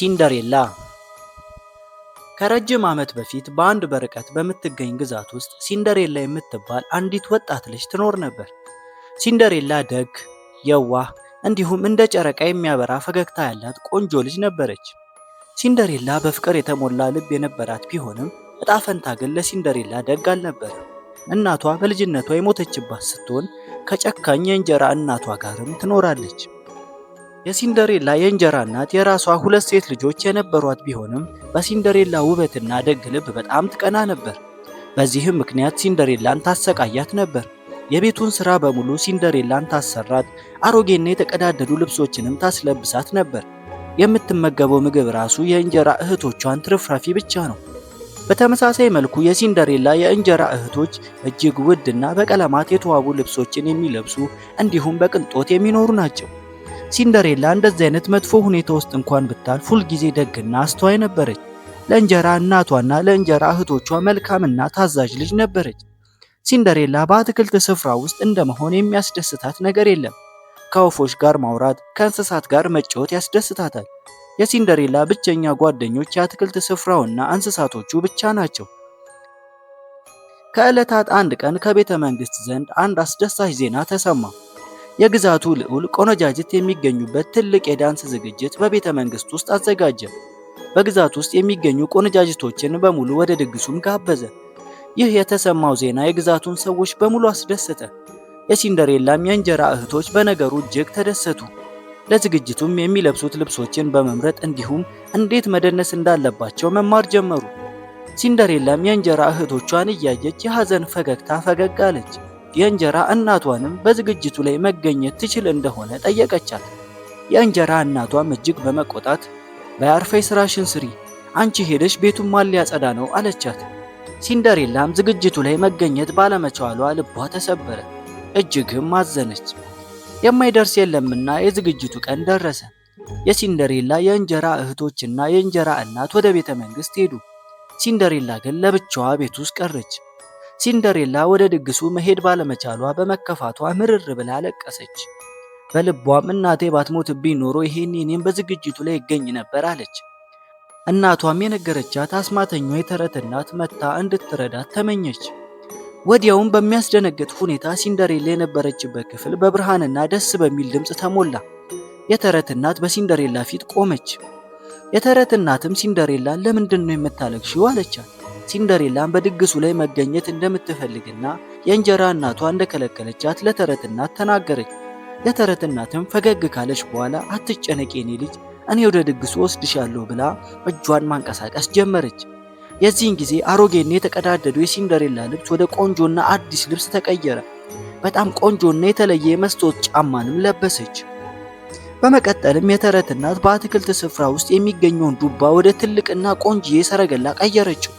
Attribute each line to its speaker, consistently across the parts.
Speaker 1: ሲንደሬላ ከረጅም ዓመት በፊት በአንድ በርቀት በምትገኝ ግዛት ውስጥ ሲንደሬላ የምትባል አንዲት ወጣት ልጅ ትኖር ነበር። ሲንደሬላ ደግ፣ የዋህ እንዲሁም እንደ ጨረቃ የሚያበራ ፈገግታ ያላት ቆንጆ ልጅ ነበረች። ሲንደሬላ በፍቅር የተሞላ ልብ የነበራት ቢሆንም እጣ ፈንታ ግን ለሲንደሬላ ደግ አልነበረም። እናቷ በልጅነቷ የሞተችባት ስትሆን ከጨካኝ የእንጀራ እናቷ ጋርም ትኖራለች። የሲንደሬላ የእንጀራ እናት የራሷ ሁለት ሴት ልጆች የነበሯት ቢሆንም በሲንደሬላ ውበትና ደግ ልብ በጣም ትቀና ነበር። በዚህም ምክንያት ሲንደሬላን ታሰቃያት ነበር። የቤቱን ሥራ በሙሉ ሲንደሬላን ታሰራት፣ አሮጌና የተቀዳደዱ ልብሶችንም ታስለብሳት ነበር። የምትመገበው ምግብ ራሱ የእንጀራ እህቶቿን ትርፍራፊ ብቻ ነው። በተመሳሳይ መልኩ የሲንደሬላ የእንጀራ እህቶች እጅግ ውድና በቀለማት የተዋቡ ልብሶችን የሚለብሱ እንዲሁም በቅንጦት የሚኖሩ ናቸው። ሲንደሬላ እንደዚህ አይነት መጥፎ ሁኔታ ውስጥ እንኳን ብታልፍ ሁልጊዜ ደግና አስተዋይ ነበረች። ለእንጀራ እናቷና ለእንጀራ እህቶቿ መልካምና ታዛዥ ልጅ ነበረች። ሲንደሬላ በአትክልት ስፍራ ውስጥ እንደመሆን የሚያስደስታት ነገር የለም። ከወፎች ጋር ማውራት፣ ከእንስሳት ጋር መጫወት ያስደስታታል። የሲንደሬላ ብቸኛ ጓደኞች የአትክልት ስፍራውና እንስሳቶቹ ብቻ ናቸው። ከዕለታት አንድ ቀን ከቤተ መንግስት ዘንድ አንድ አስደሳች ዜና ተሰማ። የግዛቱ ልዑል ቆነጃጅት የሚገኙበት ትልቅ የዳንስ ዝግጅት በቤተ መንግስት ውስጥ አዘጋጀ። በግዛት ውስጥ የሚገኙ ቆነጃጅቶችን በሙሉ ወደ ድግሱም ጋበዘ። ይህ የተሰማው ዜና የግዛቱን ሰዎች በሙሉ አስደሰተ። የሲንደሬላም የእንጀራ እህቶች በነገሩ እጅግ ተደሰቱ። ለዝግጅቱም የሚለብሱት ልብሶችን በመምረጥ እንዲሁም እንዴት መደነስ እንዳለባቸው መማር ጀመሩ። ሲንደሬላም የእንጀራ እህቶቿን እያየች የሐዘን ፈገግታ ፈገግ አለች። የእንጀራ እናቷንም በዝግጅቱ ላይ መገኘት ትችል እንደሆነ ጠየቀቻት። የእንጀራ እናቷም እጅግ በመቆጣት በያርፌ ስራሽን ስሪ፣ አንቺ ሄደሽ ቤቱን ማን ሊያጸዳ ነው አለቻት። ሲንደሬላም ዝግጅቱ ላይ መገኘት ባለመቻሏ ልቧ ተሰበረ፣ እጅግም አዘነች። የማይደርስ የለምና የዝግጅቱ ቀን ደረሰ። የሲንደሬላ የእንጀራ እህቶችና የእንጀራ እናት ወደ ቤተ መንግሥት ሄዱ። ሲንደሬላ ግን ለብቻዋ ቤት ውስጥ ቀረች። ሲንደሬላ ወደ ድግሱ መሄድ ባለመቻሏ በመከፋቷ ምርር ብላ አለቀሰች። በልቧም እናቴ ባትሞትብኝ ኖሮ ይሄን እኔም በዝግጅቱ ላይ ይገኝ ነበር አለች። እናቷም የነገረቻት አስማተኛ የተረት እናት መታ እንድትረዳት ተመኘች። ወዲያውም በሚያስደነግጥ ሁኔታ ሲንደሬላ የነበረችበት ክፍል በብርሃንና ደስ በሚል ድምፅ ተሞላ። የተረት እናት በሲንደሬላ ፊት ቆመች። የተረት እናትም ሲንደሬላ ለምንድን ነው የምታለቅሺው? አለቻት። ሲንደሬላን በድግሱ ላይ መገኘት እንደምትፈልግና የእንጀራ እናቷ እንደከለከለቻት ለተረት እናት ተናገረች። ለተረት እናትም ፈገግ ካለች በኋላ አትጨነቂ የኔ ልጅ፣ እኔ ወደ ድግሱ ወስድሻለሁ ብላ እጇን ማንቀሳቀስ ጀመረች። የዚህን ጊዜ አሮጌና የተቀዳደደው የሲንደሬላ ልብስ ወደ ቆንጆና አዲስ ልብስ ተቀየረ። በጣም ቆንጆና የተለየ የመስታወት ጫማንም ለበሰች። በመቀጠልም የተረት እናት በአትክልት ስፍራ ውስጥ የሚገኘውን ዱባ ወደ ትልቅና ቆንጅዬ ሰረገላ ቀየረችው።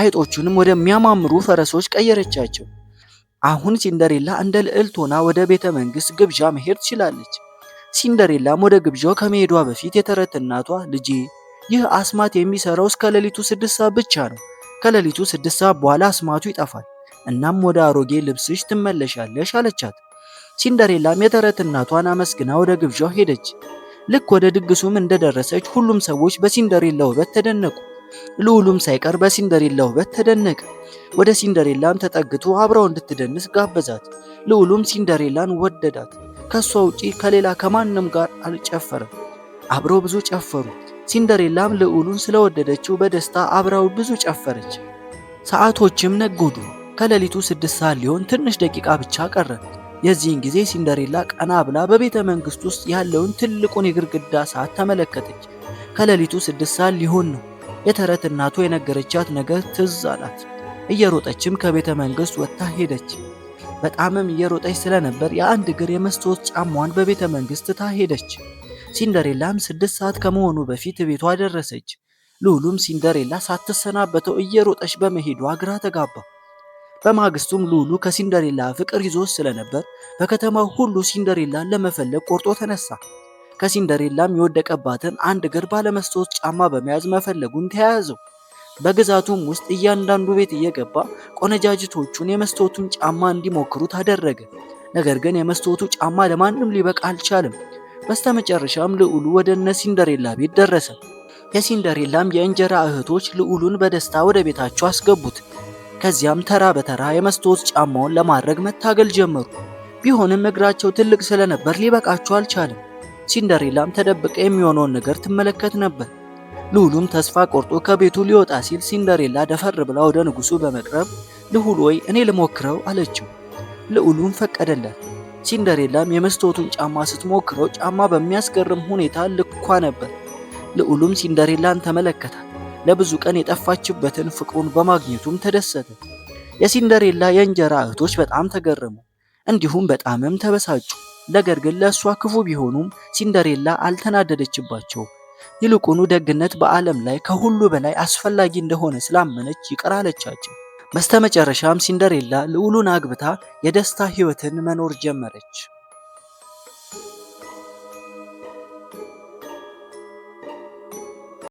Speaker 1: አይጦቹንም ወደሚያማምሩ ፈረሶች ቀየረቻቸው። አሁን ሲንደሬላ እንደ ልዕልት ሆና ወደ ቤተ መንግሥት ግብዣ መሄድ ትችላለች። ሲንደሬላም ወደ ግብዣው ከመሄዷ በፊት የተረት እናቷ ልጄ፣ ይህ አስማት የሚሰራው እስከ ሌሊቱ ስድስት ሰዓት ብቻ ነው። ከሌሊቱ ስድስት ሰዓት በኋላ አስማቱ ይጠፋል። እናም ወደ አሮጌ ልብስሽ ትመለሻለሽ አለቻት። ሲንደሬላም የተረት እናቷን አመስግና ወደ ግብዣው ሄደች። ልክ ወደ ድግሱም እንደደረሰች ሁሉም ሰዎች በሲንደሬላ ውበት ተደነቁ። ልዑሉም ሳይቀር በሲንደሬላ ውበት ተደነቀ። ወደ ሲንደሬላም ተጠግቶ አብረው እንድትደንስ ጋበዛት። ልዑሉም ሲንደሬላን ወደዳት። ከእሷ ውጪ ከሌላ ከማንም ጋር አልጨፈረም። አብረው ብዙ ጨፈሩ። ሲንደሬላም ልዑሉን ስለወደደችው በደስታ አብረው ብዙ ጨፈረች። ሰዓቶችም ነጎዱ። ከሌሊቱ ስድስት ሰዓት ሊሆን ትንሽ ደቂቃ ብቻ ቀረ። የዚህን ጊዜ ሲንደሬላ ቀና ብላ በቤተ መንግሥት ውስጥ ያለውን ትልቁን የግድግዳ ሰዓት ተመለከተች። ከሌሊቱ ስድስት ሰዓት ሊሆን ነው። የተረት እናቱ የነገረቻት ነገር ትዝ አላት። እየሮጠችም ከቤተ መንግሥት ወጥታ ሄደች። በጣምም እየሮጠች ስለነበር የአንድ እግር የመስታወት ጫማዋን በቤተ መንግሥት ትታ ሄደች። ሲንደሬላም ስድስት ሰዓት ከመሆኑ በፊት ቤቷ ደረሰች። ልዑሉም ሲንደሬላ ሳትሰናበተው እየሮጠች በመሄዷ ግራ ተጋባ። በማግስቱም ልዑሉ ከሲንደሬላ ፍቅር ይዞ ስለነበር በከተማው ሁሉ ሲንደሬላን ለመፈለግ ቆርጦ ተነሳ። ከሲንደሬላም የወደቀባትን አንድ እግር ባለመስታወት ጫማ በመያዝ መፈለጉን ተያያዘው። በግዛቱም ውስጥ እያንዳንዱ ቤት እየገባ ቆነጃጅቶቹን የመስታወቱን ጫማ እንዲሞክሩ ታደረገ ነገር ግን የመስታወቱ ጫማ ለማንም ሊበቃ አልቻለም። በስተመጨረሻም ልዑሉ ወደ እነ ሲንደሬላ ቤት ደረሰ። የሲንደሬላም የእንጀራ እህቶች ልዑሉን በደስታ ወደ ቤታቸው አስገቡት። ከዚያም ተራ በተራ የመስታወት ጫማውን ለማድረግ መታገል ጀመሩ። ቢሆንም እግራቸው ትልቅ ስለነበር ሊበቃቸው አልቻለም። ሲንደሬላም ተደብቀ የሚሆነውን ነገር ትመለከት ነበር። ልሁሉም ተስፋ ቆርጦ ከቤቱ ሊወጣ ሲል ሲንደሬላ ደፈር ብላ ወደ ንጉሱ በመቅረብ ልሁል ወይ እኔ ልሞክረው አለችው። ልዑሉም ፈቀደላት። ሲንደሬላም የመስታወቱን ጫማ ስትሞክረው ጫማ በሚያስገርም ሁኔታ ልኳ ነበር። ልዑሉም ሲንደሬላን ተመለከታት። ለብዙ ቀን የጠፋችበትን ፍቅሩን በማግኘቱም ተደሰተ። የሲንደሬላ የእንጀራ እህቶች በጣም ተገረሙ። እንዲሁም በጣምም ተበሳጩ። ነገር ግን ለእሷ ክፉ ቢሆኑም ሲንደሬላ አልተናደደችባቸው። ይልቁኑ ደግነት በዓለም ላይ ከሁሉ በላይ አስፈላጊ እንደሆነ ስላመነች ይቅር አለቻቸው። በስተመጨረሻም ሲንደሬላ ልዑሉን አግብታ የደስታ ሕይወትን መኖር ጀመረች።